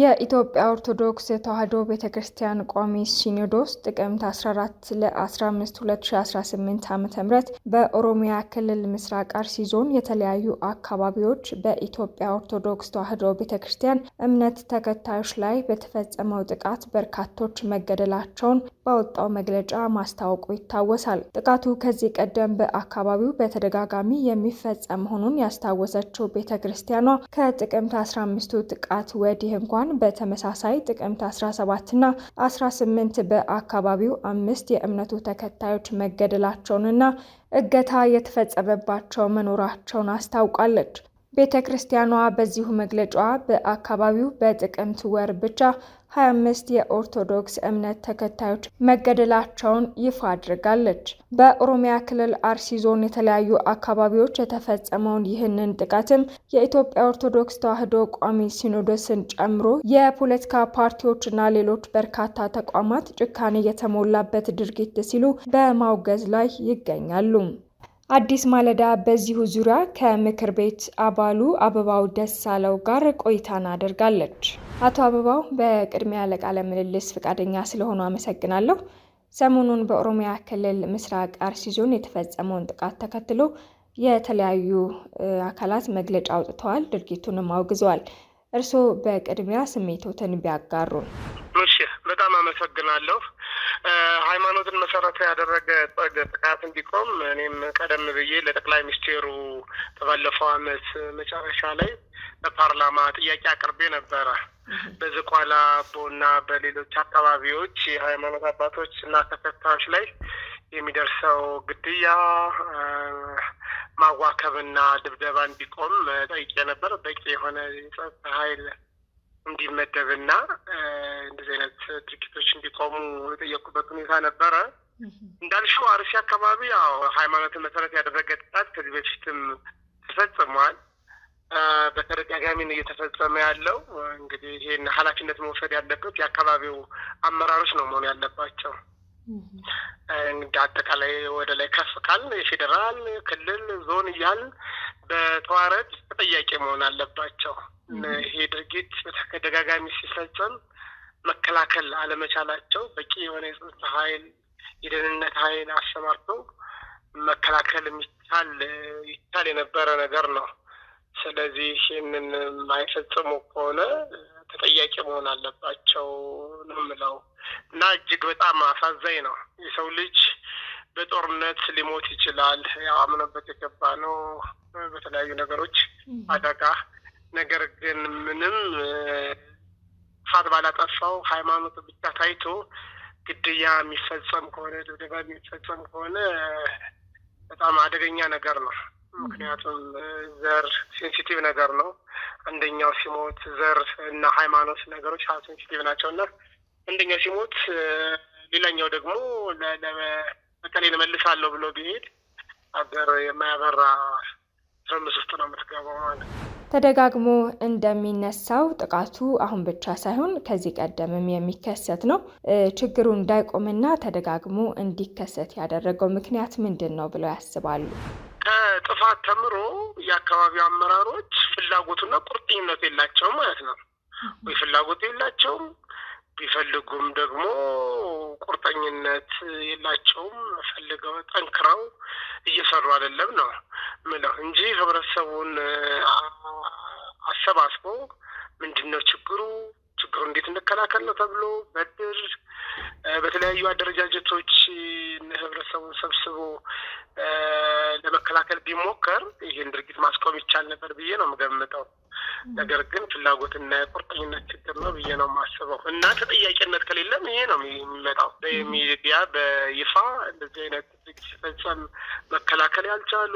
የኢትዮጵያ ኦርቶዶክስ ተዋሕዶ ቤተ ክርስቲያን ቋሚ ሲኖዶስ ጥቅምት 14 ለ15 2018 ዓ ም በኦሮሚያ ክልል ምስራቅ አርሲ ዞን የተለያዩ አካባቢዎች በኢትዮጵያ ኦርቶዶክስ ተዋሕዶ ቤተ ክርስቲያን እምነት ተከታዮች ላይ በተፈጸመው ጥቃት በርካቶች መገደላቸውን ባወጣው መግለጫ ማስታወቁ ይታወሳል። ጥቃቱ ከዚህ ቀደም በአካባቢው በተደጋጋሚ የሚፈጸም መሆኑን ያስታወሰችው ቤተ ክርስቲያኗ ከጥቅምት 15ቱ ጥቃት ወዲህ እንኳን ጃፓን በተመሳሳይ ጥቅምት 17ና 18 በአካባቢው አምስት የእምነቱ ተከታዮች መገደላቸውንና እገታ የተፈጸመባቸው መኖራቸውን አስታውቃለች። ቤተ ክርስቲያኗ በዚሁ መግለጫዋ በአካባቢው በጥቅምት ወር ብቻ 25 የኦርቶዶክስ እምነት ተከታዮች መገደላቸውን ይፋ አድርጋለች። በኦሮሚያ ክልል አርሲ ዞን የተለያዩ አካባቢዎች የተፈጸመውን ይህንን ጥቃትም የኢትዮጵያ ኦርቶዶክስ ተዋሕዶ ቋሚ ሲኖዶስን ጨምሮ የፖለቲካ ፓርቲዎችና ሌሎች በርካታ ተቋማት ጭካኔ የተሞላበት ድርጊት ሲሉ በማውገዝ ላይ ይገኛሉ። አዲስ ማለዳ በዚሁ ዙሪያ ከምክር ቤት አባሉ አበባው ደሳለው ጋር ቆይታን አድርጋለች። አቶ አበባው በቅድሚያ ለቃለ ምልልስ ፈቃደኛ ስለሆኑ አመሰግናለሁ። ሰሞኑን በኦሮሚያ ክልል ምስራቅ አርሲ ዞን የተፈጸመውን ጥቃት ተከትሎ የተለያዩ አካላት መግለጫ አውጥተዋል፣ ድርጊቱንም አውግዘዋል። እርስዎ በቅድሚያ ስሜቶትን ቢያጋሩን። እሺ፣ በጣም አመሰግናለሁ። ሃይማኖትን መሰረት ያደረገ ጥቃት እንዲቆም እኔም ቀደም ብዬ ለጠቅላይ ሚኒስቴሩ በባለፈው አመት መጨረሻ ላይ በፓርላማ ጥያቄ አቅርቤ ነበረ። በዝቋላ ቦና በሌሎች አካባቢዎች የሃይማኖት አባቶች እና ተከታዮች ላይ የሚደርሰው ግድያ ማዋከብና ድብደባ እንዲቆም ጠይቄ ነበር። በቂ የሆነ የጸጥታ ኃይል እንዲመደብና እንደዚህ አይነት ድርጊቶች እንዲቆሙ የጠየቁበት ሁኔታ ነበረ። እንዳልሽው አርሲ አካባቢ ያው ሃይማኖትን መሰረት ያደረገ ጥቃት ከዚህ በፊትም ተፈጽሟል። በተደጋጋሚ ነው እየተፈጸመ ያለው። እንግዲህ ይህን ኃላፊነት መውሰድ ያለበት የአካባቢው አመራሮች ነው መሆን ያለባቸው። እንግዲህ አጠቃላይ ወደ ላይ ከፍ ካልን የፌዴራል ክልል፣ ዞን እያል በተዋረድ ተጠያቂ መሆን አለባቸው። ይሄ ድርጊት በተደጋጋሚ ሲፈጸም መከላከል አለመቻላቸው በቂ የሆነ የጸጥታ ኃይል የደህንነት ኃይል አሰማርቶ መከላከል የሚቻል ይቻል የነበረ ነገር ነው። ስለዚህ ይህንን የማይፈጽሙ ከሆነ ተጠያቂ መሆን አለባቸው ነው የምለው እና እጅግ በጣም አሳዛኝ ነው። የሰው ልጅ በጦርነት ሊሞት ይችላል። ያው አምኖበት የገባ ነው። በተለያዩ ነገሮች አደጋ ነገር ግን ምንም ፋት ባላጠፋው ሃይማኖት ብቻ ታይቶ ግድያ የሚፈጸም ከሆነ ድብደባ የሚፈጸም ከሆነ በጣም አደገኛ ነገር ነው። ምክንያቱም ዘር ሴንሲቲቭ ነገር ነው። አንደኛው ሲሞት ዘር እና ሃይማኖት ነገሮች ሴንሲቲቭ ናቸው እና አንደኛው ሲሞት ሌላኛው ደግሞ በቀሌን እመልሳለሁ ብሎ ቢሄድ አገር የማያበራ ትርምስ ውስጥ ነው የምትገባው ማለት ነው። ተደጋግሞ እንደሚነሳው ጥቃቱ አሁን ብቻ ሳይሆን ከዚህ ቀደምም የሚከሰት ነው። ችግሩ እንዳይቆምና ተደጋግሞ እንዲከሰት ያደረገው ምክንያት ምንድን ነው ብለው ያስባሉ? ከጥፋት ተምሮ የአካባቢው አመራሮች ፍላጎቱና ቁርጠኝነቱ የላቸውም ማለት ነው ወይ ፍላጎቱ የላቸውም ቢፈልጉም ደግሞ ቁርጠኝነት የላቸውም። ፈልገው ጠንክረው እየሰሩ አይደለም ነው ምለው እንጂ ህብረተሰቡን አሰባስቦ ምንድን ነው ችግሩ ችግሩ እንዴት እንከላከል ነው ተብሎ በድር በተለያዩ አደረጃጀቶች ህብረተሰቡን ሰብስቦ ለመከላከል ቢሞከር ይህን ድርጊት ማስቆም ይቻል ነበር ብዬ ነው የምገምጠው። ነገር ግን ፍላጎትና የቁርጠኝነት ችግር ነው ብዬ ነው የማስበው እና ተጠያቂነት ከሌለም ይሄ ነው የሚመጣው። በሚዲያ በይፋ እንደዚህ አይነት ድርጊት ሲፈጸም መከላከል ያልቻሉ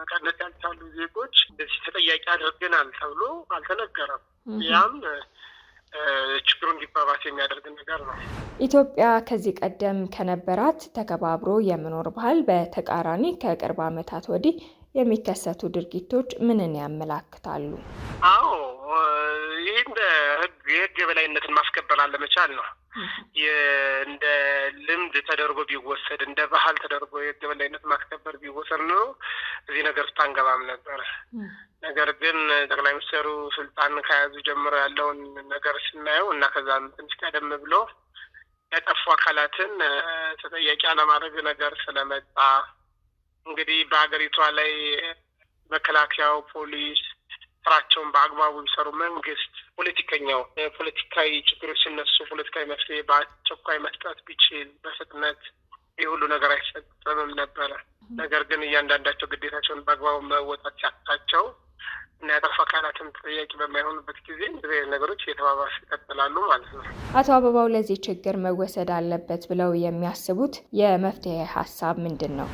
መቀነስ ያልቻሉ ዜጎች እንደዚህ ተጠያቂ አድርገናል ተብሎ አልተነገረም። ያም ችግሩ እንዲባባስ የሚያደርግ ነገር ነው። ኢትዮጵያ ከዚህ ቀደም ከነበራት ተከባብሮ የመኖር ባህል በተቃራኒ ከቅርብ ዓመታት ወዲህ የሚከሰቱ ድርጊቶች ምንን ያመላክታሉ? አዎ ይህ ህግ የህግ የበላይነትን ማስከበር አለመቻል ነው። እንደ ልምድ ተደርጎ ቢወሰድ እንደ ባህል ተደርጎ የህግ የበላይነት ማስከበር ቢወሰድ ኖሮ እዚህ ነገር ውስጥ አንገባም ነበር። ነገር ግን ጠቅላይ ሚኒስትሩ ስልጣን ከያዙ ጀምሮ ያለውን ነገር ስናየው እና ከዛም ትንሽ ቀደም ብሎ ያጠፉ አካላትን ተጠያቂ አለማድረግ ነገር ስለመጣ እንግዲህ በሀገሪቷ ላይ መከላከያው፣ ፖሊስ ስራቸውን በአግባቡ ቢሰሩ፣ መንግስት፣ ፖለቲከኛው ፖለቲካዊ ችግሮች ሲነሱ ፖለቲካዊ መፍትሄ በአስቸኳይ መስጠት ቢችል በፍጥነት ይህ ሁሉ ነገር አይፈጸምም ነበረ። ነገር ግን እያንዳንዳቸው ግዴታቸውን በአግባቡ መወጣት ሲያቅታቸው እና ያጠፉ አካላትም ተጠያቂ በማይሆኑበት ጊዜ እንደዚህ አይነት ነገሮች እየተባባሱ ይቀጥላሉ ማለት ነው። አቶ አበባው ለዚህ ችግር መወሰድ አለበት ብለው የሚያስቡት የመፍትሄ ሀሳብ ምንድን ነው?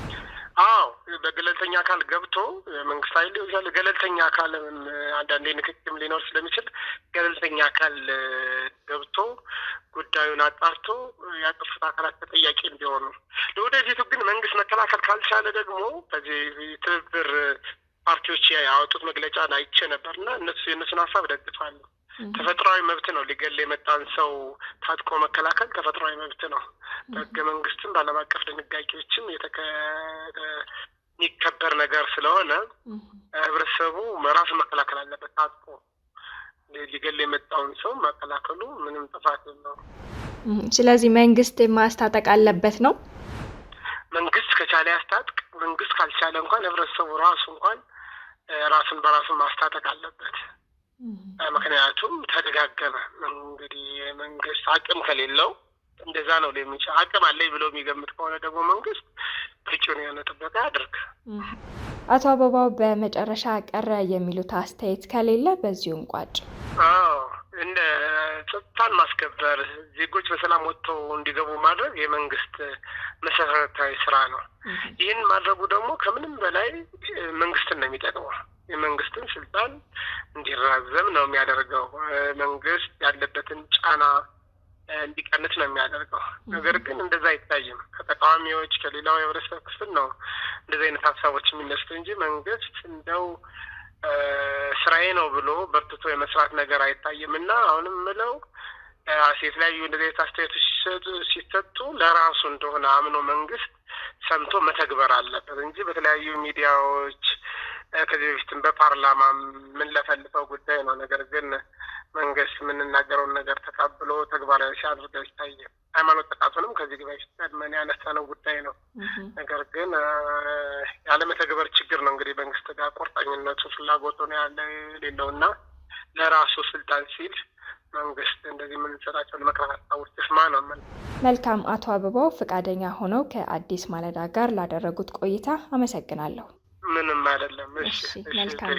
በገለልተኛ አካል ገብቶ መንግስት ኃይል ሊሆን ይችላል። ገለልተኛ አካል አንዳንዴ ንክክም ሊኖር ስለሚችል ገለልተኛ አካል ገብቶ ጉዳዩን አጣርቶ ያጠፉት አካላት ተጠያቂ እንዲሆኑ፣ ለወደፊቱ ግን መንግስት መከላከል ካልቻለ ደግሞ በዚህ ትብብር ፓርቲዎች ያወጡት መግለጫ አይቼ ነበር እና እነሱ የእነሱን ሀሳብ ደግፋለሁ። ተፈጥሯዊ መብት ነው። ሊገል የመጣን ሰው ታጥቆ መከላከል ተፈጥሯዊ መብት ነው። በህገ መንግስትም በዓለም አቀፍ ድንጋጌዎችም የሚከበር ነገር ስለሆነ ህብረተሰቡ ራሱ መከላከል አለበት። ታጥቆ ሊገል የመጣውን ሰው መከላከሉ ምንም ጥፋት የለውም። ስለዚህ መንግስት ማስታጠቅ አለበት ነው። መንግስት ከቻለ ያስታጥቅ። መንግስት ካልቻለ እንኳን ህብረተሰቡ ራሱ እንኳን ራሱን በራሱ ማስታጠቅ አለበት። ምክንያቱም ተደጋገመ እንግዲህ መንግስት አቅም ከሌለው እንደዛ ነው የሚቻ አቅም አለኝ ብሎ የሚገምት ከሆነ ደግሞ መንግስት ልጁን የሆነ ጥበቃ አድርግ። አቶ አበባው በመጨረሻ ቀረ የሚሉት አስተያየት ከሌለ በዚሁ እንቋጭ። እንደ ጸጥታን ማስከበር ዜጎች በሰላም ወጥተው እንዲገቡ ማድረግ የመንግስት መሰረታዊ ስራ ነው። ይህን ማድረጉ ደግሞ ከምንም በላይ መንግስትን ነው የሚጠቅመው። የመንግስትን ስልጣን እንዲራዘም ነው የሚያደርገው። መንግስት ያለበትን ጫና እንዲቀንስ ነው የሚያደርገው። ነገር ግን እንደዛ አይታይም። ከተቃዋሚዎች ከሌላው የህብረተሰብ ክፍል ነው እንደዚ አይነት ሀሳቦች የሚነሱት እንጂ መንግስት እንደው ስራዬ ነው ብሎ በርትቶ የመስራት ነገር አይታይም እና አሁንም ምለው የተለያዩ እንደዚህ አስተያየቶች ሲሰጡ ለራሱ እንደሆነ አምኖ መንግስት ሰምቶ መተግበር አለበት እንጂ በተለያዩ ሚዲያዎች ከዚህ በፊትም በፓርላማ የምንለፈልፈው ጉዳይ ነው። ነገር ግን መንግስት የምንናገረውን ነገር ተቀብሎ ተግባራዊ ሲያድርግ ይታየ። ሃይማኖት ጥቃቱንም ከዚህ በፊት ቀድመን ያነሳነው ጉዳይ ነው። ነገር ግን ያለመተግበር ችግር ነው። እንግዲህ መንግስት ጋር ቁርጠኝነቱ ፍላጎቱ ነው ያለ የሌለው እና ለራሱ ስልጣን ሲል መንግስት እንደዚህ የምንሰጣቸው መቅረት አስታውስ ስማ ነው ምን መልካም። አቶ አበባው ፈቃደኛ ሆነው ከአዲስ ማለዳ ጋር ላደረጉት ቆይታ አመሰግናለሁ። ምንም አይደለም። እሺ መልካም